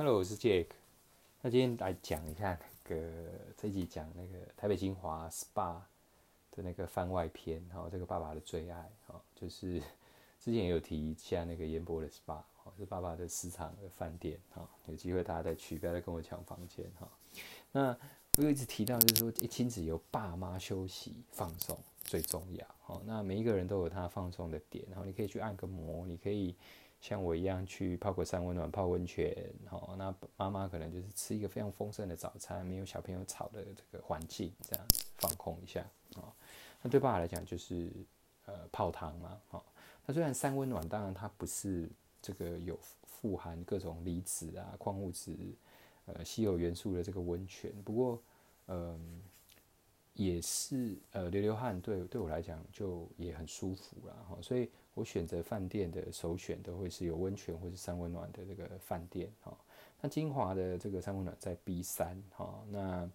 Hello，我是 Jake。那今天來講一下那個這一集講那個台北晶華 SPA 的那個番外篇。哈、喔，這個爸爸的最愛、喔、就是之前也有提一下那個煙波的 SPA，、喔、是爸爸的私藏的飯店。喔、有機會大家再去，不要再跟我搶房間、喔、那我有一直提到，就是說親子由爸媽休息放鬆最重要、喔。那每一個人都有他放鬆的點，然後你可以去按個摩，你可以。像我一樣去泡個三溫暖、泡溫泉，好、哦，那媽媽可能就是吃一個非常豐盛的早餐，沒有小朋友吵的這個環境，這樣子放空一下啊、哦。那對爸爸來講就是，呃，泡湯嘛，好、哦。那雖然三溫暖，當然它不是這個有富含各種離子啊、礦物質、呃，稀有元素的這個溫泉，不過，嗯、呃，也是呃，流流汗對對我來講就也很舒服了哈、哦，所以。我選擇飯店的首選都會是有溫泉或是三溫暖的這個飯店啊、哦。那晶華的這個三溫暖在 B 三啊、哦，那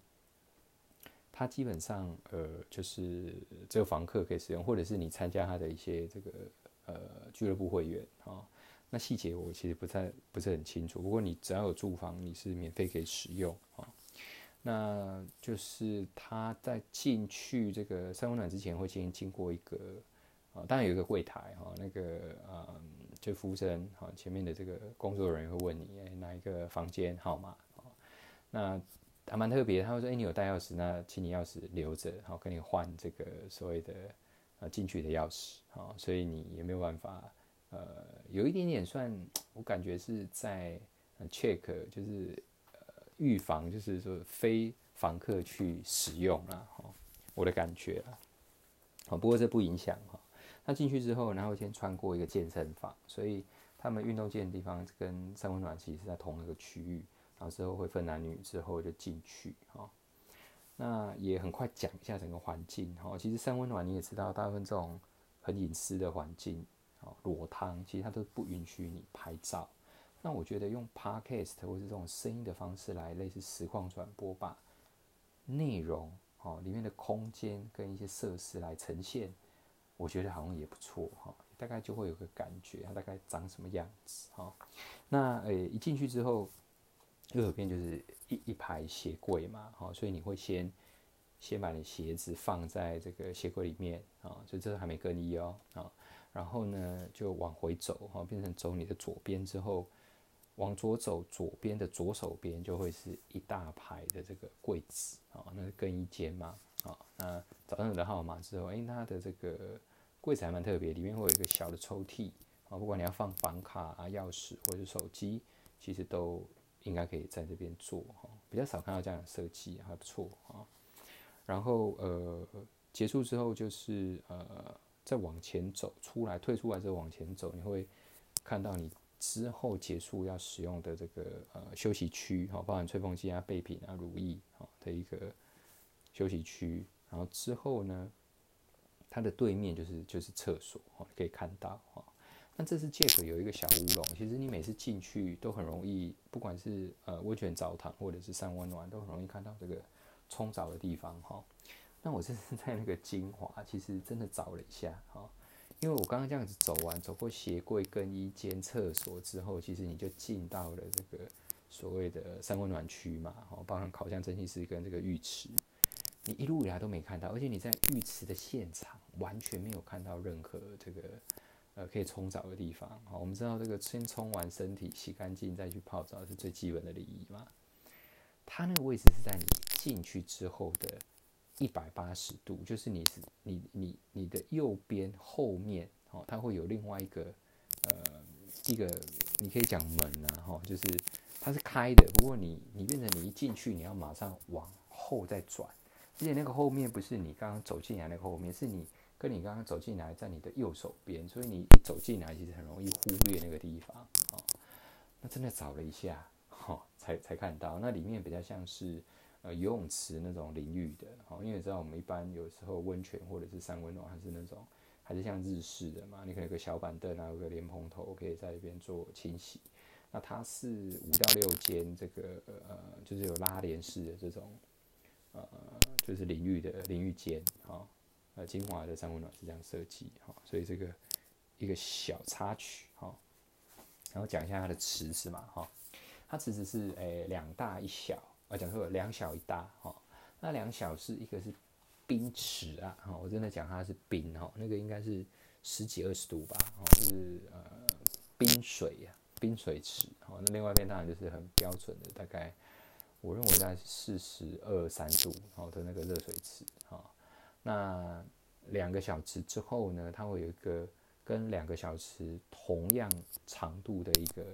它基本上呃就是只有房客可以使用，或者是你參加他的一些這個呃俱樂部會員啊、哦。那細節我其實不太不是很清楚，不過你只要有住房，你是免費可以使用啊、哦。那就是他在進去這個三溫暖之前會先經過一個。啊、哦，當然有一個櫃台哈、哦，那個呃、嗯，就服務生、哦、前面的這個工作人員會問你，欸、哪一個房間號碼？哦，那還蠻特別，他會說，哎、欸，你有帶鑰匙，那請你鑰匙留着，好、哦，跟你換這個所謂的呃進去的鑰匙，好、哦，所以你也沒有辦法，呃，有一點點算，我感覺是在 check，就是呃預防，就是說非房客去使用啦，哦、我的感覺啊、哦，不過這不影響哈。哦那進去之後，然後先穿過一個健身房，所以他們運動健身的地方跟三溫暖其實是在同一個區域，然後之後會分男女之後就進去哈、喔。那也很快講一下整個環境哈、喔。其實三溫暖你也知道，大部分這種很隱私的環境，哦、喔、裸湯，其實它都不允許你拍照。那我覺得用 podcast 或者這種聲音的方式來類似實況轉播吧，內容哦、喔、裡面的空間跟一些設施來呈現。我覺得好像也不錯哈、哦，大概就會有個感覺，它大概長什麼樣子哈、哦。那、欸、一進去之後，右手邊就是一一排鞋櫃嘛、哦，所以你會先先把你鞋子放在這個鞋櫃裡面啊、哦，所以這還沒更衣哦啊、哦。然後呢，就往回走哈、哦，變成走你的左邊之後，往左走，左邊的左手邊就會是一大排的這個櫃子啊、哦，那是更衣間嘛啊、哦。那找到你的號碼之後，它、欸、的這個。櫃子還蠻特別，裡面會有一個小的抽屜啊、喔，不管你要放房卡啊、鑰匙或者是手機，其實都應該可以在這邊做、喔。比較少看到這樣的設計，還不錯啊、喔。然後呃，結束之後就是呃，再往前走出來，退出來之後往前走，你會看到你之後結束要使用的這個呃休息區，哈、喔，包含吹風機啊、備品啊、乳液啊的一個休息區。然後之後呢？它的對面就是就是廁所、哦，可以看到哈、哦。那這是 Jack 有一個小烏龍，其實你每次進去都很容易，不管是呃溫泉澡堂或者是三溫暖，都很容易看到這個沖澡的地方哈、哦。那我這次在那個晶華，其實真的找了一下哈、哦，因為我剛剛這樣子走完，走過鞋櫃、更衣間、廁所之後，其實你就進到了這個所謂的三溫暖區嘛、哦，包含烤箱、蒸汽室跟這個浴池，你一路以來都沒看到，而且你在浴池的現場。完全沒有看到任何這個呃可以沖澡的地方。好，我們知道這個先沖完身體洗乾淨再去泡澡是最基本的禮儀嘛。它那個位置是在你進去之後的一百八十度，就是你是你你你的右邊後面，哈、哦，它會有另外一個呃一個你可以講門吶、啊，哈、哦，就是它是開的，不過你你變成你一進去你要馬上往後再轉，之前那個後面不是你剛剛走進來，那個後面是你，跟你剛剛走進來，在你的右手邊，所以你一走進來其實很容易忽略那個地方哦，那真的找了一下，哈、哦，才才看到那裡面比較像是呃游泳池那種淋浴的，哦，因為你知道我們一般有時候溫泉或者是三溫暖還是那種還是像日式的嘛，你可以有個小板凳啊，有個蓮蓬頭可以在這邊做清洗。那它是五到六間這個呃，就是有拉簾式的這種呃，就是淋浴的淋浴間啊。哦呃，晶華的三溫暖是這樣設計哈，所以這個一個小插曲哈，然後講一下它的池是嘛哈，它池子是誒兩大一小，我講錯兩小一大哈，那兩小是一個是冰池啊，哈，我真的講它是冰哈，那個應該是十幾二十度吧，就是呃冰水呀，冰水池，那另外一邊當然就是很標準的，大概我認為在四十二三度，好的那個熱水池哈。那兩個小時之後呢？它會有一個跟兩個小時同樣長度的一個，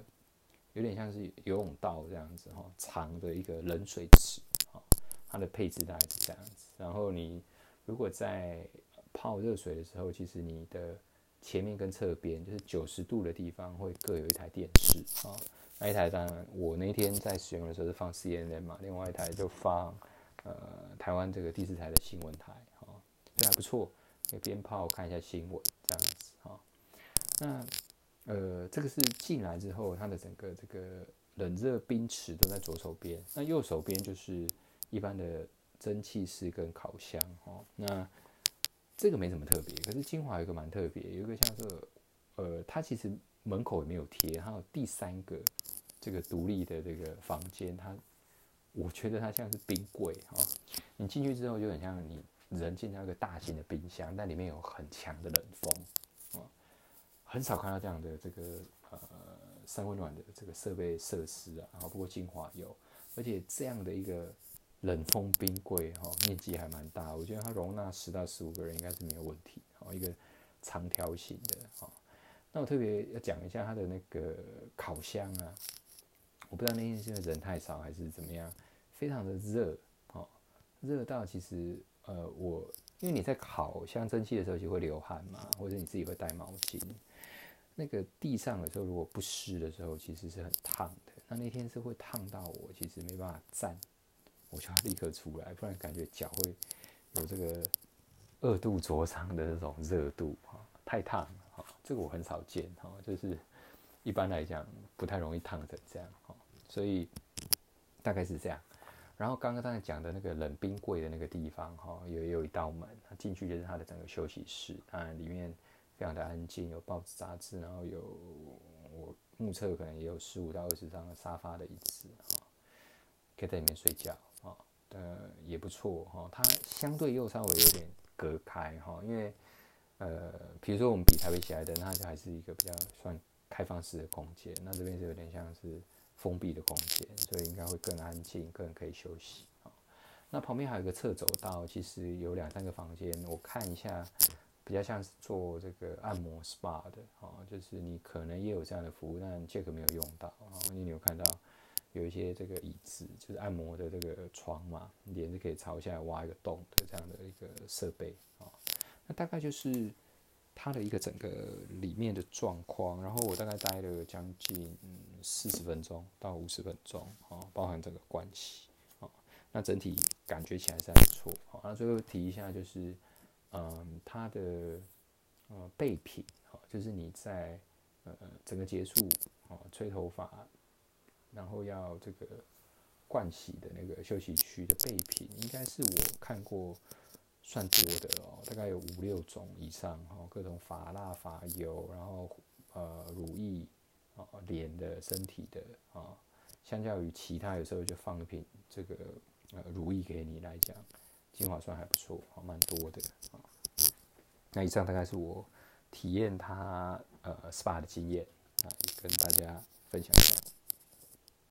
有點像是游泳道這樣子哈，長的一個冷水池。哈，它的配置大概是這樣子。然後你如果在泡熱水的時候，其實你的前面跟側邊就是九十度的地方會各有一台電視啊。那一台當然我那天在使用的時候是放 CNN 嘛，另外一台就放呃台灣這個第四台的新聞台。這還不錯。給鞭炮，看一下新聞，這樣子啊。那呃，這個是進來之後，它的整個這個冷熱冰池都在左手邊，那右手邊就是一般的蒸汽室跟烤箱哦。那這個沒什麼特別，可是晶華有個蠻特別，有一個像這個呃，它其實門口也沒有貼，還有第三個這個獨立的這個房間，它我覺得它像是冰櫃哈。你進去之後就很像你。人進到一個大型的冰箱，但裡面有很強的冷風，啊、哦，很少看到這樣的這個呃三溫暖的這個設備設施啊。然後不過晶華有，而且這樣的一個冷風冰櫃哈、哦，面積還蠻大，我覺得它容納十到十五個人應該是沒有問題。哦，一個長條形的哦。那我特別要講一下它的那個烤箱啊，我不知道那天是因為人太少還是怎麼樣，非常的熱哦，熱到其實。呃，我因為你在烤香蒸汽的時候就會流汗嘛，或者你自己會戴毛巾。那個地上的時候如果不濕的時候，其實是很燙的。那那天是會燙到我，其實沒辦法站，我就要立刻出來，不然感覺腳會有這個二度灼傷的那種熱度、哦、太燙了、哦。這個我很少見哈、哦，就是一般來講不太容易燙成這樣哈、哦。所以大概是這樣。然後剛剛剛講的那個冷冰櫃的那個地方哈，也有一道門，進去就是它的整個休息室啊，裡面非常的安靜，有報紙雜誌，然後有我目測可能也有十五到二十張沙發的椅子可以在裡面睡覺啊，呃也不錯哈，它相對又稍微有點隔開哈，因為呃，比如說我們比台北起來的，那就還是一個比較算開放式的空間，那這邊是有點像是。封閉的空間，所以應該會更安靜，更可以休息。那旁邊還有一個側走道，其實有兩三個房間，我看一下，比較像是做這個按摩 SPA 的哦。就是你可能也有這樣的服務，但這個沒有用到。你有，有看到有一些這個椅子，就是按摩的這個床嘛，臉着可以朝下來挖一個洞的這樣的一個設備。那大概就是。它的一個整個裡面的狀況，然後我大概待了將近四十分鐘到五十分鐘，哦，包含整個盥洗，哦，那整體感覺起來是還不錯，哦，那最後提一下就是，嗯，它的，嗯、呃，備品，就是你在，呃，整個結束，哦，吹頭髮，然後要這個盥洗的那個休息區的備品，應該是我看過。算多的哦、喔，大概有五六種以上哈、喔，各種髮蠟、髮油，然後呃乳液，臉、喔、的身體的啊、喔，相較於其他有時候就放一瓶這個呃乳液給你來講，精華霜還不錯，蠻、喔、多的啊、喔。那以上大概是我體驗它呃 SPA 的經驗啊，跟大家分享一下。